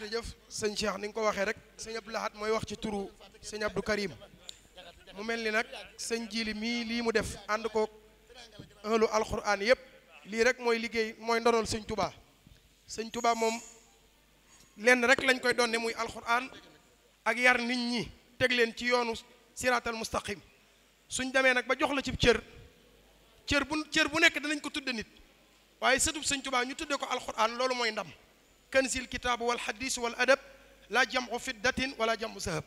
jërëjëf sëñ Cheikh ni nga ko waxee rek sëñ Abdou Lahad mooy wax ci turu sëñ Abdou Karim mu mel ni nag sëñ Jili mii lii mu def ànd ko ëllu alxuraan yëpp lii rek mooy liggéey mooy ndonol sëñ tubaa sëñ tubaa moom lenn rek lañ koy donne muy alxuraan ak yar nit ñi teg leen ci yoonu siraatal mustaqim suñ demee nag ba jox la ci cër cër bu cër bu nekk dinañ ko tudde nit waaye sëtub sëñ tubaa ñu tuddee ko alxuraan loolu mooy ndam. kanzi alkitab wal hadis wal adab laa jamu fiddatin wala jamu zahab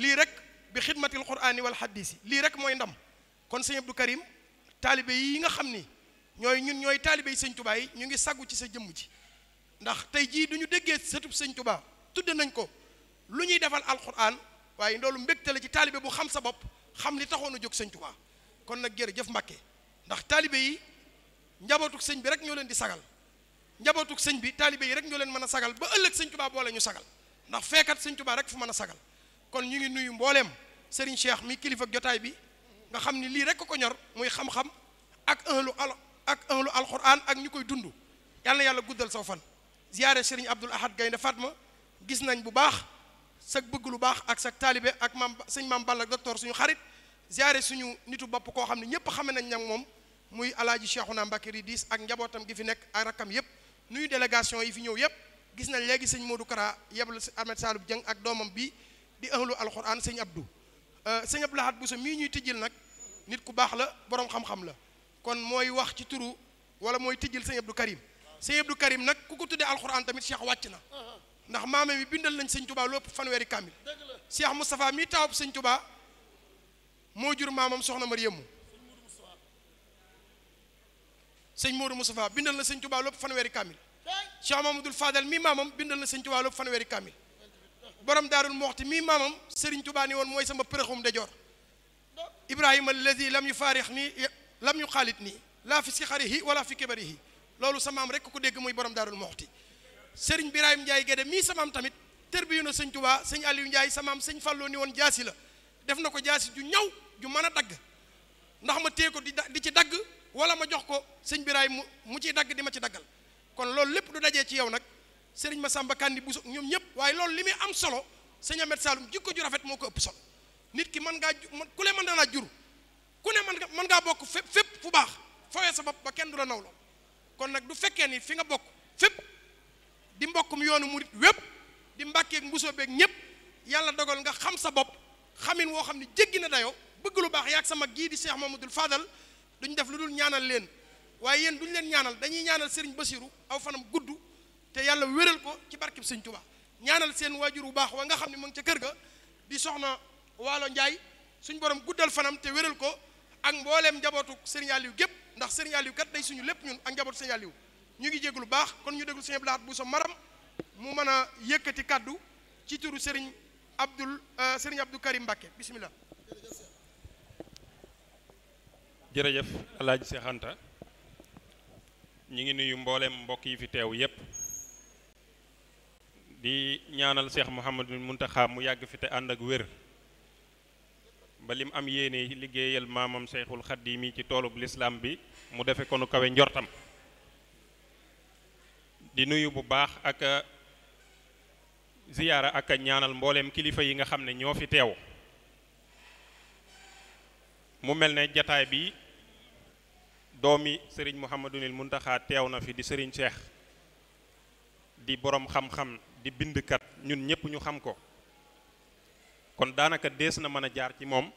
lii rek bi xidmatil qur'ani wal hadis lii rek mooy ndam kon sëñ Abdou Karim taalibe yi nga xam ni ñooy ñun ñooy taalibe yi sëñ Tuubaa yi ñu ngi saggu ci sa jëmm ji ndax tey jii du ñu déggee sëtub sëñ Tuubaa tudde nañ ko lu ñuy defal alquran waaye loolu mbégte la ci taalibe bu xam sa bopp xam li taxoon a jóg sëñ Tuubaa kon nag jërëjëf Mbàkke ndax taalibe yi njabootuk sëñ bi rek ñoo leen di sagal njabootuk sëñ bi taalibe yi rek ñoo leen mën a sagal ba ëllëg sëñ tubaa boole ñu sagal ndax feekat sëñ tubaa rek fu mën a sagal kon ñu ngi nuyu mbooleem sëriñ Cheikh mi kilifa jotaay bi nga xam ni lii rek ko ñor muy xam-xam ak un lu al ak ak ñu koy dund yàlla yàlla guddal saw fan ziyaare sëriñ Abdul Ahad Gaynde Fatma gis nañ bu baax sag bëgg lu baax ak sag taalibe ak maam sëñ maam Balla docteur suñu xarit ziyaare suñu nitu bopp koo xam ne ñëpp xame nañ ñag moom muy alaaji Cheikhouna Mbacke Ridis ak njabootam gi fi nekk ak yëpp nuyu délégation yi fi ñëw yépp gis na léegi sëñ Modou Kara yebal Ahmed Saloum jeng ak doomam bi di ahlu alquran sëñ Abdou euh, sëñ Abdou Lahad Bousso mi ñuy tijil nak nit ku bax la borom xam-xam la kon moy wax ci turu wala moy tijil sëñ Abdou Karim sëñ Abdou Karim nak ku ko tuddé alquran tamit Cheikh wacc na ndax mamé bi bindal lañ sëñ Touba lopp fanwéri kamil Cheikh mustapha mi taawub sëñ Touba mo jur mamam soxna Mariyamu sëñ Modou Moustapha bindal na sëñ Touba lépp fanweeri kaamil Cheikh Mamadou Fadal mii maamam bindal na sëñ Touba lépp fanweeri kaamil borom daarul moxti mii maamam sëriñ Touba ni woon mooy sama përëxum dajoor Ibrahima alladi lam yu faarix nii lam yu xaalit nii laa fi sixarihi wala fi kibarihi loolu sa maam rek ku dégg muy borom daarul moxti sëriñ Birahim Ndiaye Guède mii sa maam tamit tërbiyu na sëñ Touba sëñ Aliou Ndiaye sa maam sëñ Fallou ni woon jaasi la def na ko jaasi ju ñaw ju mën a dagg ndax ma téye ko di ci dagg wala ma jox ko seigne biray mu ci dag di ma ci dagal kon loolu lepp du dajé ci yow seigne ma samba Kandi bu ñom ñep way loolu limi am solo seigne Ahmed salum jikko ju rafet moko upp solo nit ki man nga ku le man na jur ku ne man man nga bok fep fépp fu bax foye sa bop ba kenn du la kon nak du fekke ni fi nga bok fep di mbokum yoonu murid wépp di mbacke mbuso bek ñep yalla dogal nga xam sa bop xamin wo xamni ne dayo bëgg lu bax yaag sama gi di Cheikh Mamadou Fadal duñ def lu dul ñaanal leen waaye yéen duñ leen ñaanal dañuy ñaanal sëriñ basiru aw fanam gudd te yàlla wéral ko ci barkib sëñ tuba ñaanal seen waajur wa nga xam ne mu ngi ca kër ga di soxna waalo njaay suñ borom guddal fanam te wéral ko ak mbooleem njabootu sëriñ Aliou gépp ndax sëriñ Aliou kat day suñu lépp ñun ak njabootu sëriñ Aliou ñu ngi jéglu baax kon ñu déglu sëriñ blaat bu sa maram mu mën a yëkkati kaddu ci turu sëriñ Abdul euh, sëriñ Abdou Karim Mbacke bismillah jërëjëf alaaji sehanta ñi ngi nuyu mboolem mbokk yi fi teew yépp di ñaanal mohammed Muhammad Muntaxa mu yàgg fi te ànd ak wér ba lim am yéene liggéeyal maamam cheikhul Xaddiim yi ci toolub lislaam bi mu defe ko nu kawe njortam di nuyu bu baax ak uh, ziyaara ak ñaanal mbooleem kilifa yi nga xam ne ñoo fi teew mu mel ne bi doomi sëriñ Mouhamadunil Muntaxa teew na fi di sëriñ Cheikh di borom xam-xam di bindkat ñun ñëpp ñu xam ko kon daanaka dees na mën a jaar ci moom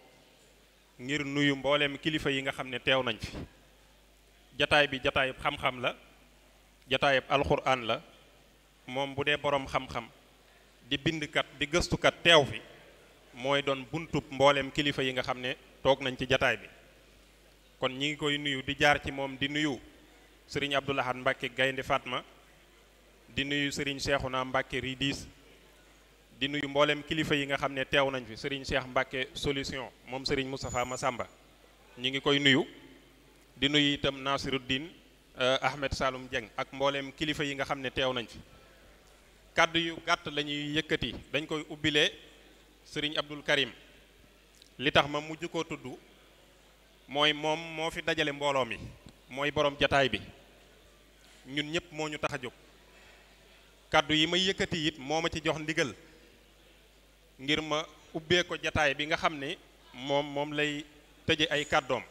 ngir nuyu mbooleem kilifa yi nga xam ne teew nañ fi jataay bi jataayub xam-xam la jataayub alxuraan la moom bu dee borom xam-xam di bindkat di gëstukat teew fi mooy doon buntub mbooleem kilifa yi nga xam ne toog nañ ci jataay bi kon ñi ngi koy nuyu di jaar ci moom di nuyu sëriñ Abdoul Ahad Mbacke Gaynde Fatma di nuyu sëriñ Cheikhouna Mbacke Ridis di nuyu mbooleem kilifa yi nga xam ne teew nañ fi sëriñ Cheikh Mbacke solution moom sëriñ ma sàmba ñu ngi koy nuyu di nuyu itam Nasiruddin euh, Ahmed Saloum Dieng ak mboolem kilifa yi nga xam ne teew nañ fi kàddu yu gàtt lañuy ñuy dañ koy ubbilee sëriñ Abdul Karim li tax ma mujj koo tudd mooy moom moo fi dajale mbooloo mi mooy boroom jataay bi ñun ñëpp moo ñu tax a jóg kàddu yi may yëkkati it moo ma ci jox ndigal ngir ma ubbee ko jataay bi nga xam ne moom moom lay tëje ay kàddoom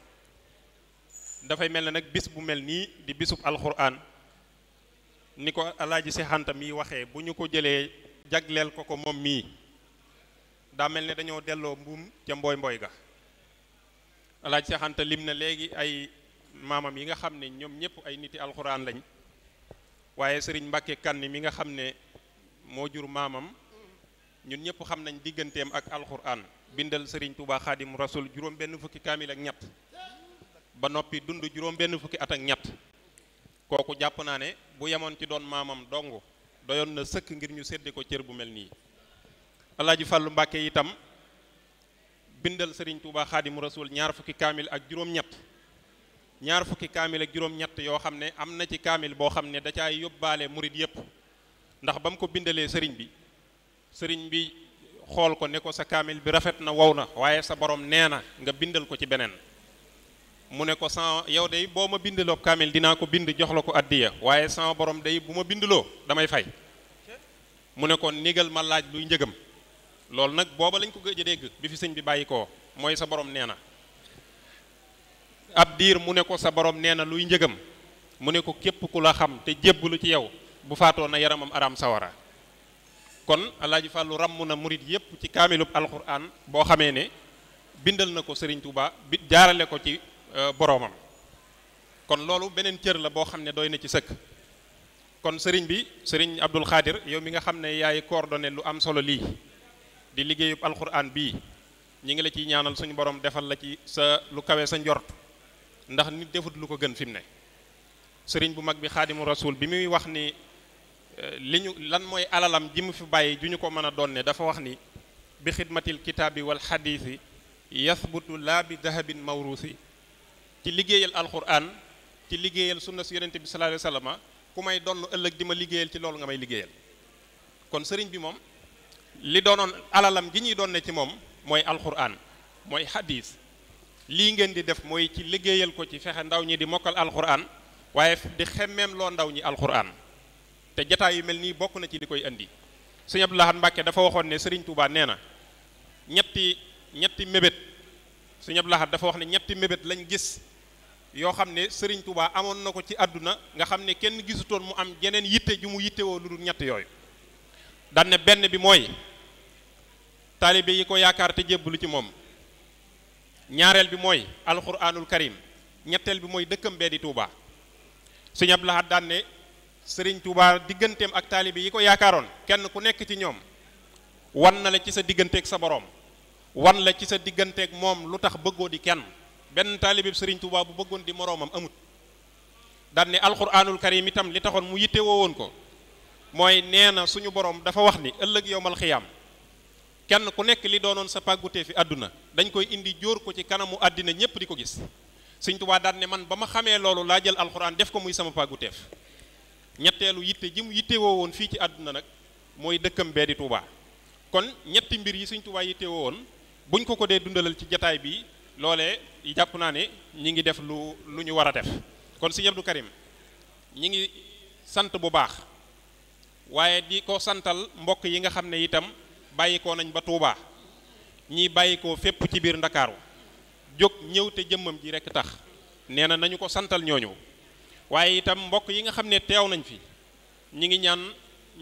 dafay mel ne nag bis bu mel nii di bisub alxuraan ni ko alaaji si xanta yi waxee bu ñu ko jëlee jagleel ko ko moom mii daa mel ne dañoo delloo mbuum ca mbooy mbooy ga alaaj seexanta lim na léegi ay maamam yi nga xam ne ñoom ñëpp ay niti alxuraan lañ waaye sëriñ Mbàkke kànni mi nga xam ne moo jur maamam ñun ñëpp xam nañ digganteem ak alxuraan bindal sëriñ Tuubaa xaadim rasul juróom benn fukki kaamil ak ñett ba noppi dund juróom benn fukki at ak ñett kooku jàpp naa ne bu yemoon ci doon maamam dong doyoon na sëkk ngir ñu sédde ko cër bu mel nii alaaji Fàllu Mbàkke itam bindal serigne Touba khadim rasoul ñaar fukki kamil ak juróom-ñett ñaar fukki kamil ak juróom-ñett yo xamne amna ci kamil bo xamne da caay yobale mourid yep ndax bam ko bindale serigne bi serigne bi xol ko ne ko sa kamil bi rafet na wawna waye sa borom neena nga bindal ko ci benen mu ne ko sans yow day boo ma bindaloo kaamil ko bind jox lako adiya waye sans borom day buma bindelo damay fay mu ne ko nigal ma laaj luy ñeegam Lol, nak boba lañ ko gëjë dégg bi fi señ bi niana. moy muneko sa borom néna ab dir mu ne ko sa borom néna luy ñëgëm mu ne ko képp ku la xam te jébbalu ci yow bu faato na yaramam aram sawara kon alaaji fallu ràmm na murit yépp ci kaamilub alquran bo xamé ne bindal nako serigne touba jaarale ko ci euh, boromam kon lolu benen cër la bo xamné doyna ci sëkk kon serigne bi serigne Abdul Khadir, yow mi nga xamné yaay coordonné lu am solo li. di liggéeyub alquran bii ñi ngi la ciy ñaanal suñu borom defal la ci sa lu kawe sa njort ndax nit defut lu ko gën fi mu ne sëriñ bu mag bi xaadimu rasul bi muy wax ni li ñu lan mooy alalam ji mu fi bàyyi ju ñu ko mën a doon dafa wax ni bi xidmatil kitaabi wal xadiisi yathbutu laa bi dahabin mawruusi ci liggéeyal alquran ci liggéeyal sunna si yonente bi sallallahu alayhi wasallam ku may donn ëllëg di ma liggéeyal ci loolu nga may liggéeyal kon sëriñ bi moom li doonoon alalam gi ñuy doon ne ci moom mooy alxuraan mooy xadiis lii ngeen di def mooy ci liggéeyal ko ci fexe ndaw ñi di mokkal alxuraan waaye di xemmeem loo ndaw ñi alxuraan te jataay yu mel nii bokk na ci li koy indi sëñ Abdou Lahad Mbàkke dafa waxoon ne Sëriñ Tuubaa nee na ñetti ñetti mébét sëñ Abdou Lahad dafa wax ne ñetti mébét lañ gis yoo xam ne Sëriñ Tuubaa amoon na ko ci àdduna nga xam ne kenn gisutoon mu am jeneen yitte ju mu yittewoo lu dul ñett yooyu daan benn bi mooy taalibe yi ko yaakaar te jébbalu ci moom ñaareel bi mooy alxuraanul karim ñetteel bi mooy dëkkam bee di Touba sëñ Abdou Lahad daan ne sëriñ Touba digganteem ak taalibe yi ko yaakaaroon kenn ku nekk ci ñoom wan na la ci sa digganteek sa boroom wan la ci sa digganteeg moom lu tax bëggoo di kenn benn taalibe sëriñ Touba bu bëggoon di moroomam amut daan ne alxuraanul karim itam li taxoon mu yitte woowoon ko mooy nee na suñu boroom dafa wax ni ëllëg yowmal xiyaam kenn ku nek li doonoon sa pagouté fi aduna dañ koy indi jor ko ci kanamu adina ñepp diko gis seigne touba daan ne man bama xamé lolu la jël alcorane def ko muy sama pàgguteef ñettelu yitte jimu mu yitte woo fi ci aduna nak moy dekkam touba kon ñetti mbir yi seigne touba yitte woo woon buñ ko ko dé dundalal ci jotaay bi loolee japp na né ñi ngi def lu lu ñu def kon seigne Abdou Karim ñi ngi sante bu baax waaye di ko santal mbokk yi nga itam bayiko nañ ba Touba ñi bayiko fepp ci bir ndakaaru jog ñew te jëmmam ji rek tax neena nañu ko santal ñoñu waye itam mbokk yi nga xamne tew nañ fi ñi ngi ñaan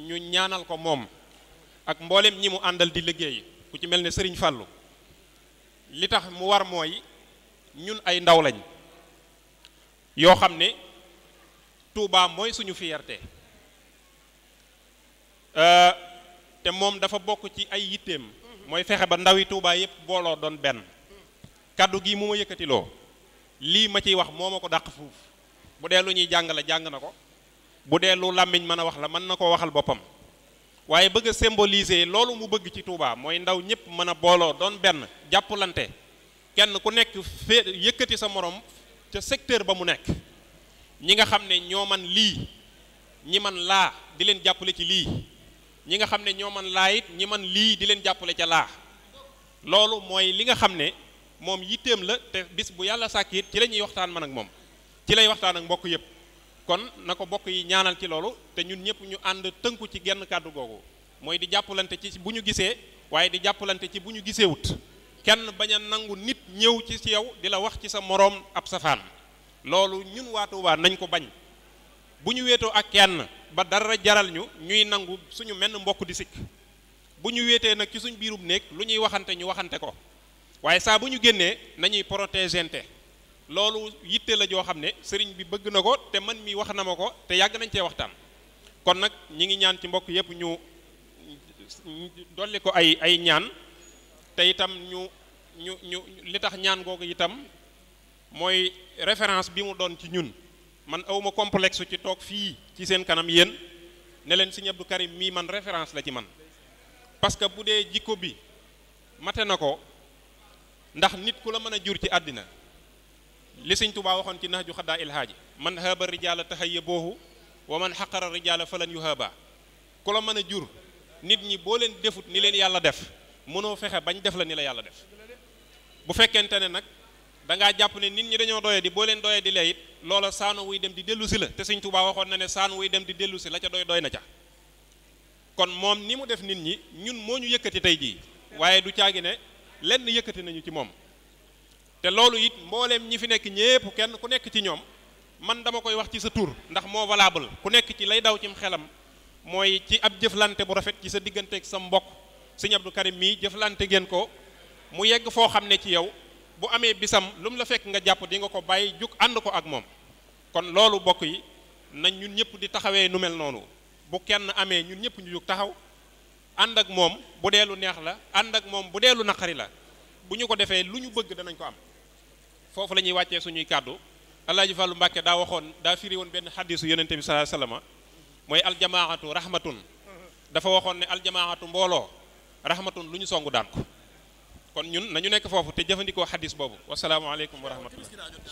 ñu ñaanal ko mom ak mbollem ñi mu andal di liggey ku ci melni Serigne fallu li tax mu war moy ñun ay ndaw lañ yo xamne Touba moy suñu fierté. Euh, te moom dafa bokk ci ay yitteem mooy fexe ba ndawi Touba yëpp booloo doon benn kàddu gi mu ma yëkkatiloo lii ma ciy wax moo ma ko dàq fuuf bu dee lu ñuy jàng la jàng na ko bu dee lu làmmiñ mën a wax la mën na koo waxal boppam waaye bëgg a loolu mu bëgg ci Touba mooy ndaw ñëpp mën a booloo doon benn jàppalante kenn ku nekk fee yëkkati sa moroom ca secteur ba mu nekk ñi nga xam ne ñoo man lii ñi man laa di leen jàppale ci lii ñi nga xamne ño man laayit ñi man li di len jàppale ci laa loolu moy li nga xamne mom moom la te bis bu yalla sakit ci lañuy waxtaan man ak mom ci lay waxtaan ak mbokk yépp kon nako ko bokk yi ñaanal ci loolu te ñun ñëpp ñu and teunku ci genn kaddu gogo moy di jàppalante ci bu ñu gisee waaye di jàppalante ci bu ñu wut kenn baña nangu nit ñew ci yow di la wax ci sa morom ab safan loolu ñun waa wa nañ ko bañ bu ñu wéetoo ak kenn ba dara jaral ñu ñuy nangu suñu menn mbokk di sikk bu ñu wéetee nag ci suñ bu néeg lu ñuy waxante ñu waxante ko waaye saa bu ñu génnee nañuy protégente loolu yitte la joo xam ne sëriñ bi bëgg na ko te man mi wax na ma ko te yàgg nañ cee waxtaan kon nag ñi ngi ñaan ci mbokk yépp ñu dolli ko ay ay ñaan te itam ñu ñu ñu li tax ñaan googu itam mooy référence bi mu doon ci ñun man awma complexe ci toog fii ci seen kanam yéen ne leen sëñ Abdou Karim mii man référence la ci man parce que bu dee jikko bi mate na ko ndax nit ku la mën a jur ci àddina li sëñ Tuubaa waxoon ci nax ju xaddaa ilhaaji man haaba rijaala tahaya boohu wa man xaqara rijaala falan yu haaba ku la mën a jur nit ñi boo leen defut ni leen yàlla def mënoo fexe bañ def la ni la yàlla def bu fekkente ne nag da jàpp ne nit ñi dañoo doye di boo leen doye di lee it loola saanu wuy dem di dellu si la te sëñ Tuubaa waxoon na ne saanu wuy dem di dellu si la ca doy doy na ca kon moom ni mu def nit ñi ñun moo ñu yëkkati tey jii waaye du caagi ne lenn yëkkati nañu ci moom te loolu it mbooleem ñi fi nekk ñépp kenn ku nekk ci ñoom man dama koy wax ci sa tur ndax moo valable ku nekk ci lay daw cim xelam mooy ci ab jëflante bu rafet ci sa diggante digganteeg sa mbokk sëñ Abdou mii jëflante ngeen ko mu yegg foo xam ne ci yow bu amee bisam lum la fekk nga jàpp di nga ko bàyyi juk ànd ko ak moom kon loolu bokk yi na ñun ñëpp di taxawee nu mel noonu bu kenn amee ñun ñëpp ñu jug taxaw ànd ak moom bu dee lu neex la ànd ak moom bu dee lu la bu ñu ko defee lu ñu bëgg danañ ko am foofu la ñuy wàccee suñuy kàddu alaaji Fàllu Mbàkke daa waxoon daa firi woon benn yonente bi sallallahu alayhi wasallam mooy aljamaatu rahmatun dafa waxoon ne aljamaatu mbooloo rahmatun lu ñu songu daan ko kon ñun nañu nekk foofu te jëfandikoo xadis boobu wasalaamualeykum wa rahmatullah